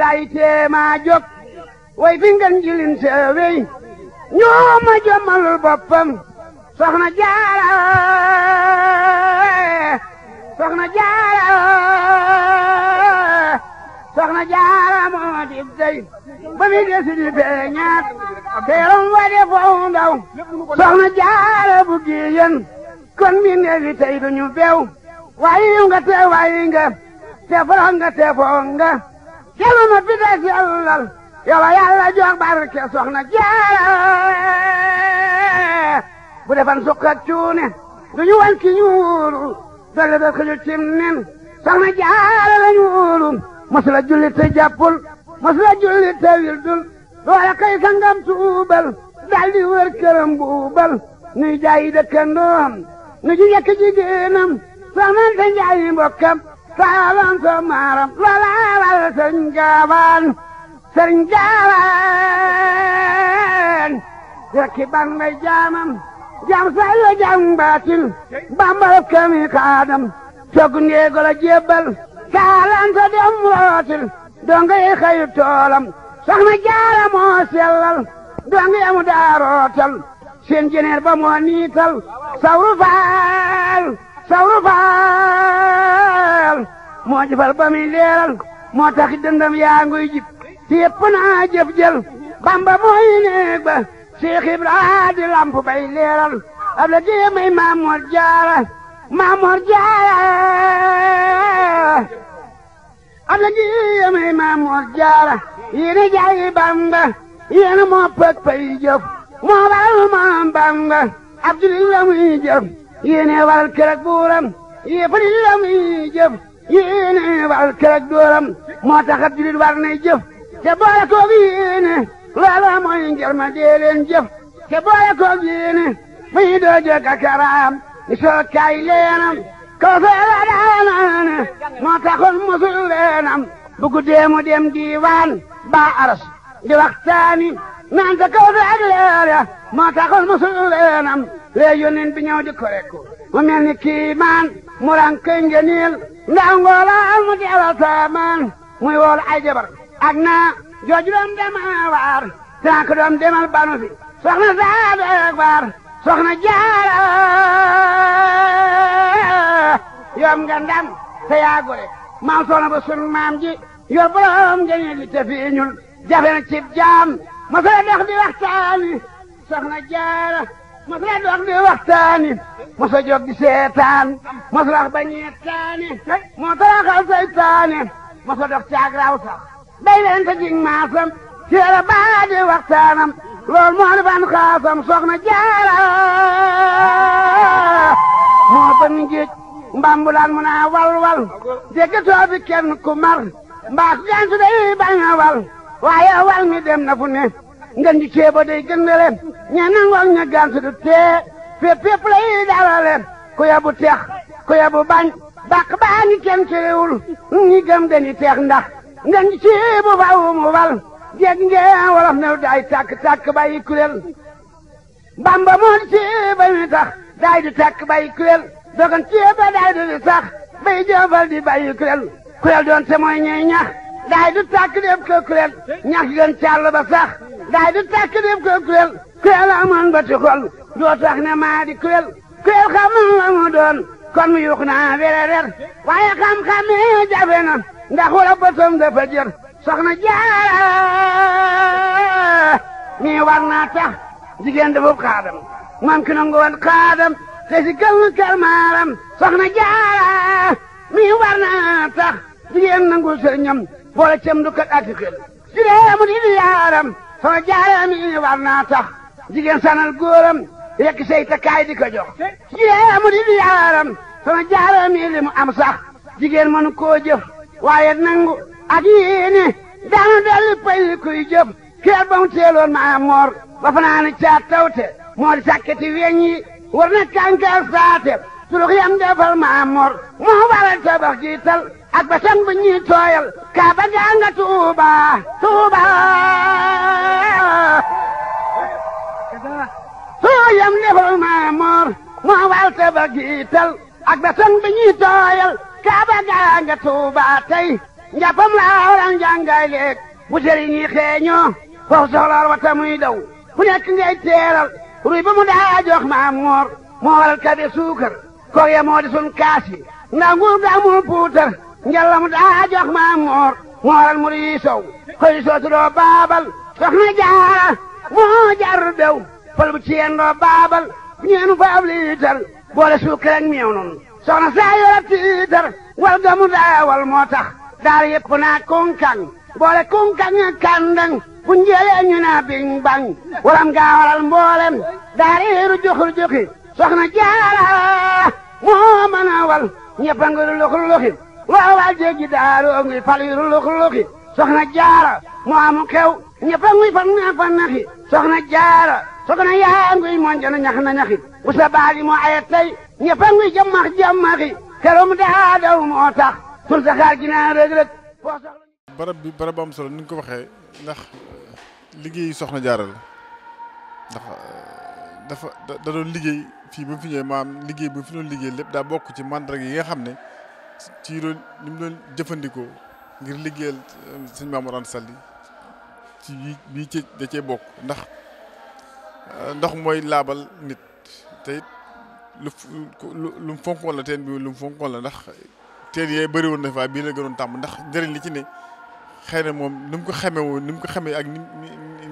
lay teema jóg way fi ngeen jilin seewey ñoo ma jommalul boppam soxna jaara soxna jaara soxna jaara moo di dey ba mi desi di feeñaat teeram wa de foofu soxna jaara bu giyen kon mi neefi tey duñu bew waayi nga te waayi nga te foro nga te foo nga jalu ma bi des yàllal yow yàlla jox barke soxna bu defan suq ak cuune du ñu wan ki ñuulu dogle bes ko ñu mosula julli te jàppul mosula julli te wildul loola kay sangam tuubal daal di wër këram buubal nuy jaayi dëkkandoom nu ji yekk jigéenam soxna te njaayi mbokkam saalan sa maaram la laalal sëñ jaabaan sëñ jaabaan rakki ban lay jaamam jam say la jam baatin bambal kami xaadam soog ndeego la jébbal saalan sa dem rootil dongay xëyu toolam soxna jaara moo sellal dongi amu daa rootal seen jeneer ba moo niital sawru faal sawru faal moo jëfal ba muy leeral moo tax dëndam yaa nguy jib te yëpp jëf jël bamba mooy néeg ba Seex Ibra di lamp bay leeral ab la jéemay Maamoor Jaara Maamoor Jaara ab la jéemay Maamoor Jaara yéena moo pëg pay jëf moo waral moom bamba abdulil muy jëf yéena waral kër ak buuram yéefalil la muy jëf yéene waral kerek dooram moo tax ab julit war nay jëf te boole koog yéene loola mooy ngir dee leen jëf te boole koog yéene muy doo jóg ak karaam di soo leenam kaw soo la daanaane moo taxoon musul leenam bu guddee mu dem diiwaan baa aras di waxtaani naan sa kaw ak leera moo taxoon musul leenam lee yónneen bi ñëw di ko rekku mu mel ni kiimaan mu rànkee ngeniil ndax ngoolaa mu teewal saamaan muy wool ay jabar ak naa jooju doon dem waar sànq doon demal banu fi soxna Saadu ak waar soxna Jaara yoom nga te yaa gore maam soxna ba sunu maam ji yor borom ngeniil li te fii ñul jafe cib jaam ma fee dox di waxtaani soxna Jaara mos di a jóg di seetaan mos ba ñettaani moo taraxal saytaani mos a dox caag raw sax day leen ta jig maasam ceera baa di waxtaanam lool moo di ban xaasam soxna jaara moo ba mi njiij mu naa wal wal dégg too bi kenn ku mar mbaa ku gàntu day bañ a wal waaye wal mi dem na fu ne nga ndi ceeba day gën na leen ña nangoog ña gansu du tee fépp fépp la yi dara leen ku yabu teex ku yabu bañ bàq baa ngi kenn cëréwul ñi gëm dañuy teex ndax nga ndi ceebu fawu mu wal jeeg ngeen wolof new daay tàkk-tàkk bàyyi kuréel bamba moo di ceeba mi tax daay di tàkk bàyyi kuréel dogan ceeba daay di di sax bay jëfal di bàyyi kuréel kuréel doon te mooy ñey ñax di tàkk def ko kuréel ñax gën càll ba sax gaay du tàkk dem ko kuréel kuréel amoon ba ti xol joo ne maa di kuréel kuréel xam na mu doon kon mu yuux naa wererer waaye xam-xam jafe na ndax wala bëtam dafa jër soxna jaara mi war naa tax jigéen dafa xaadam moom ki nangu woon xaadam te si gël na kër maaram soxna jaara mi war naa tax jigéen nangu sëriñam boole cem du kat ak xel si dee mu di yaaram soo i mi war naa tax jigéen sanal góoram yekk say takkaay di ko jox jigéen mu di di yaaram sama jaaree mi li mu am sax jigéen mënu koo jëf waaye nangu ak yéene daanu dolli pay li kuy jëf keer ba mu teeloon maa moor ba fanaane caat tawte moo di sàkketi weñ yi war na kànkaar saate turux yam defal maa moor moo waral tabax jiital ak ba tan bu ñuy tooyal kaaba gaa nga tuuba tuuba tooyam defal maamoor moo wal te ba giital ak ba tan bu ñuy tooyal kaaba gaa nga tuuba tey njàppam laa waran jàngaay leeg bu sëriñ xeeñoo foofu soxlaal wa ta muy daw ku nekk ngay teeral ruy ba mu daa jox maamoor moo waral kabe suukar kooku ya di sun kaas yi nguur daa mu puutar njalla mu daa jox ma moor mooral mu rii sow xëy doo baabal soxna jaara moo jaar dew fal bu ciyeen doo baabal bu ñeenu fa boole suukar ak soxna saa yor wal ga mu daawal moo tax daal yëpp naa kunkang boole kunkang ak kàndang bu njëlee ñu naa biñ bañ gaa waral mboolem daal iiru joxul joxi soxna jaara moo mën wal ñëpp a ngi waawaaw jéggi daaroo ngi faliru luxluxi soxna jaara mu am xew ñëpp a ngi fan naa fa naxi soxna jaara soxna yaa ngi monjono ñax na ñaxi bu sa baali moo ayet tey ñëpp a ngi jammax jammaxi keroom daa daw moo tax tur saxaar gi naa rëg rëg barab bi barab bu am solo ni ko waxee ndax eh, liggéey soxna jaara ndax eh, dafa da doon liggéey fii ba fi ñëwee maam liggéey bu fi doon liggéey lépp daa bokk ci mandarga yi nga xam ne ci doon mu doon jëfandikoo ngir liggéeyal euh, sëñ Mamour Anta Sall ci bii ci da cee bokk ndax euh, ndox mooy laabal nit tey it lu lu mu fonkoon la teen bi lu mu fonkoon la ndax teen yee bëri woon na bii la gënoon tàmm ndax njëriñ li ci ne xëy na moom ni mu ko xamee woon ni mu ko xamee ak ni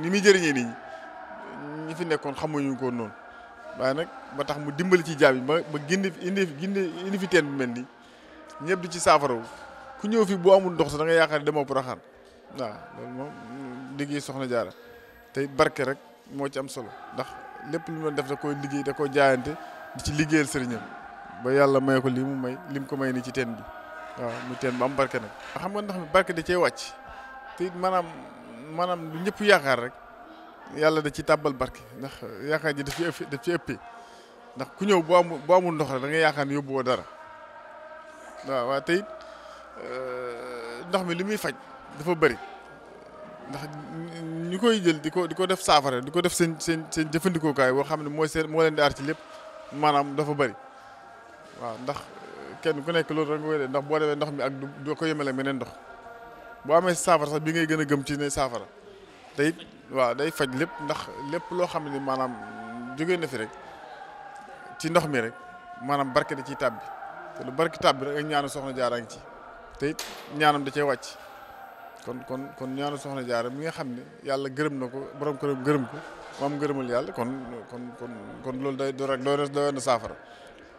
ni muy jëriñee nit ñi ñi fi nekkoon xamuñu ko noonu waaye nag ba tax mu dimbali ci jaam yi ba ba gindi indi indi indi fi teen bu mel nii. ñëpp di ci saafarawu ku ñëw fi boo amul ndox sax da nga yaakaar demoo Porokhane waaw loolu moom liggéey soxna jaara tey barke rek moo ci am solo ndax lépp lu mu def da koy liggéey da koy jaayante di ci liggéeyal sëriñam ba yàlla may ko lii mu may lim ko may ni ci teen bi waaw mu teen bu am barke nag. xam nga ndox mi barke da cee wàcc te it maanaam maanaam ñëpp yaakaar rek yàlla da ci tàbbal barke ndax yaakaar ji daf ci ëpp ndax ku ñëw boo amul boo amul ndox rek da nga yaakaar ne yóbbuwoo dara. waaw waaw te it euh, ndox mi li muy faj dafa bëri ndax ñu koy jël di ko di ko def saafara di ko def seen seen seen jëfandikookaay boo xam ne moo seen moo leen di aar ci lépp maanaam dafa bëri waaw ndax euh, kenn ku nekk loolu rek nga koy def ndax boo demee ndox mi ak du ko yemale meneen ndox boo amee saafara sax bi ngay gën a gëm ci ne saafara te waaw day faj lépp ndax lépp loo xam ne maanaam jógee na fi rek ci ndox mi rek maanaam barke da ciy tàbbi te lu bari kitaab bi nag ak ñaanu soxna jaara ngi ci te it ñaanam da cee wàcc kon kon kon ñaanu soxna jaara mi nga xam ne yàlla gërëm na ko borom këram gërëm ko moom gërëmal yàlla kon kon kon kon loolu day do rek doy na saafara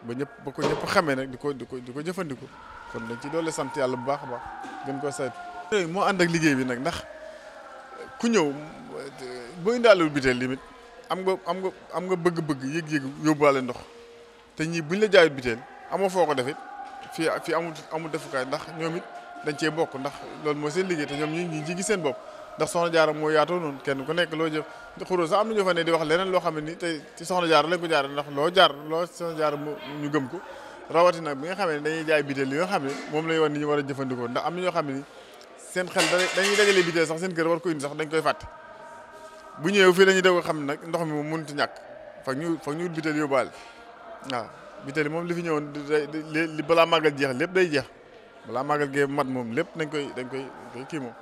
ba ñëpp ba ko ñëpp xamee nag di ko di ko di ko jëfandiku kon dañ ci doole sant yàlla bu baax a baax gën ko saytu. moo ànd ak liggéey bi nag ndax ku ñëw boo indaalul biteel limite am nga am nga am nga bëgg-bëgg yëg-yëg yóbbuwaale ndox te ñii buñ la jaayut biteel amoo foo ko defit fii fii amul defukaay ndax ñoom dañ cee bokk ndax loolu mooy seen liggéey te ñoom ñi ñi ci gis seen bopp ndax soxna jaara moo yaatoo noonu kenn ku nekk loo jëf xuró sax am na ñu fa ne di wax leneen ni tey ci soxna jaara lañ ko jaara ndax loo jaar loo soxna jaara ñu gëm ko rawatina bi nga xamee ne dañuy jaay biteel yi nga xam ne moom lañ war ni ñu war a jëfandikoo ndax am na ñoo xam ne ni seen xel dañuy dajale biteel sax seen kër war ko indi sax dañ koy fàtte bu ñëwee fii dañuy dégg xam ne nag ndox mi moom mënut ñàkk fa ñu fa ñu biteel yóbbaale waaw Biteli moom li fi ñëwoon li balaa màggal jeex lépp day jeex balaa màggal gee mat moom lépp dañ koy dañ koy kii moom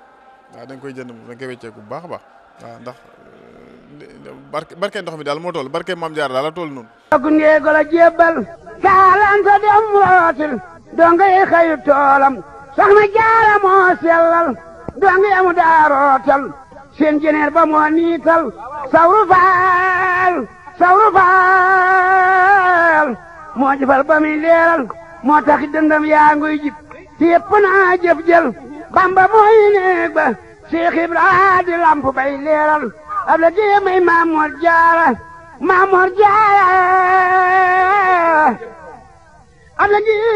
waaw dañ koy jënd moom dañ koy wecceeku bu baax baax waaw ndax euh, barke ndox mi daal moo toll barke maam jaar daal la toll noonu. kooku a jébbal kaalaan dem wootil doo ngay xëyu toolam soxna jaara moo sellal doo ngay amu daarootal seen jeneer ba moo niital sawru faal sawru faal moo jëfal ba muy leeral moo tax dëndam yaa nguy jib te yëpp jëf jël bamba mooy néeg ba Seex Ibra di lamp bay leeral ab la dee may Maamoor Jaara Maamoor Jaara ab la dee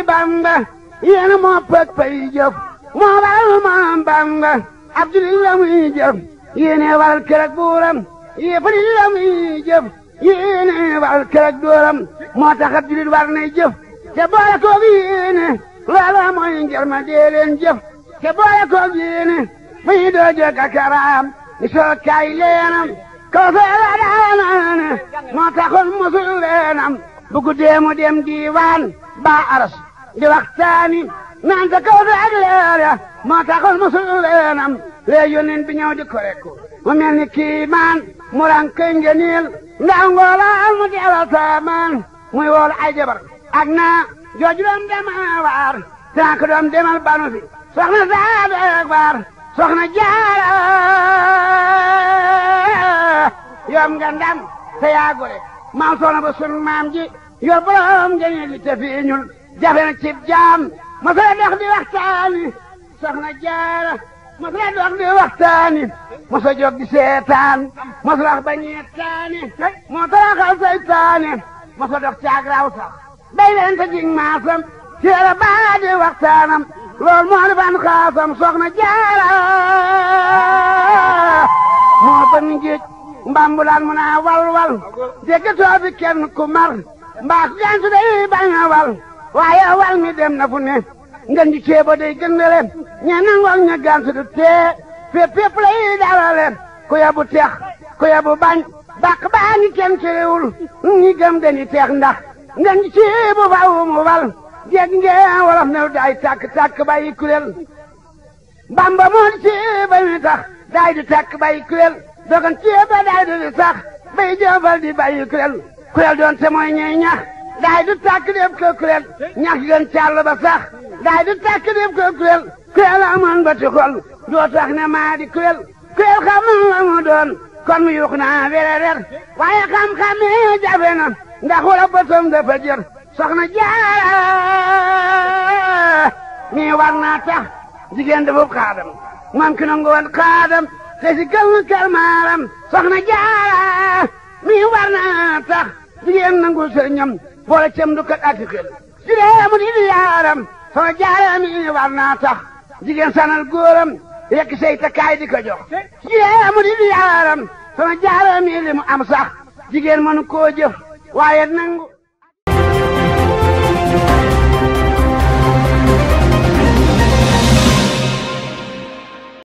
a bamba yéen a moo pëg pay jëf moo waral moom bamba Abdul muy jëf yéen a waral kër buuram yéen a muy jëf yéene waral kerek dooram moo taxat julit war nay jëf te boole koog yéene loola mooy njër ma dee leen jëf te boole koog yéene muy doo jëkk a karaam ni soo kaay leenam kaw soo la daanaane moo taxoon musul leenam bu guddee mu dem diiwaan baa aras di waxtaani naan ta kaw ak leera moo taxoon musul leenam lee yónneen bi ñëw di ko rekku mu mel ni kiimaan mu rànkee ngëneel nga ngoola almati alal saamaan muy wool ay jabar ak naa jooju doom demaa waar tànk doom demal banu fi soxna saadu ak waar soxna jaara yoom nga te yaa gore maam soxna ba sunu maam ji yor borom ngëneel li te fii ñun jafe na cib jaam ma fay dox di waxtaani soxna jaara mos la dox di a jóg di seetaan mos wax ba ñettaani moo taraxal saytaani mos a dox caag raw sax day leen te maasam teel a baa di waxtaanam lool moo di ban xaasam soxna jaara moo ban géej mbambulaan mu naa walwal dégg too bi kenn ku mar mbaa ku gantu day bañ a wal waaye wal mi dem na fu ne ngan di tee ba day gën na leen ña nangoog ña gàntu du tee fépp fépp la yi dara leen ku yabu teex ku yabu bañ bàq baa ngi kenn terewul ñi gëm dañuy teex ndax ngan di tee bu fawu mu wal jeeg ngeen wolof new daay tàkk-tàkk bàyyi kuréel bamba moo di tee ba ñu tax daay di tàkk bàyyi kuréel dogan tee ba daay di sax bay jëfal di bàyyi kuréel kuréel doon te mooy ñey ñax daay tàkk def ko kuréel ñax gën càll ba sax gaay du tàkk def ko kuréel kuréel amoon ba ti xol doo ne maa di kuréel kuréel xam na mu doon kon mu yuux naa wererer waaye xam-xam jafe na ndax wala bëtam dafa jër soxna jaara mii war naa tax jigéen dafa xaadam moom ki nangu woon xaadam te si gël kalmaaram soxna jaara mii war naa tax jigéen nangu sëriñam boole cem du kat ak xel si dee mu di yaaram sama jaaree mi war naa tax jigéen sanal góoram yekk say takkaay di ko jox jigéen mu di di yaaram sama jaaree mi li mu am sax jigéen mënu waaye nangu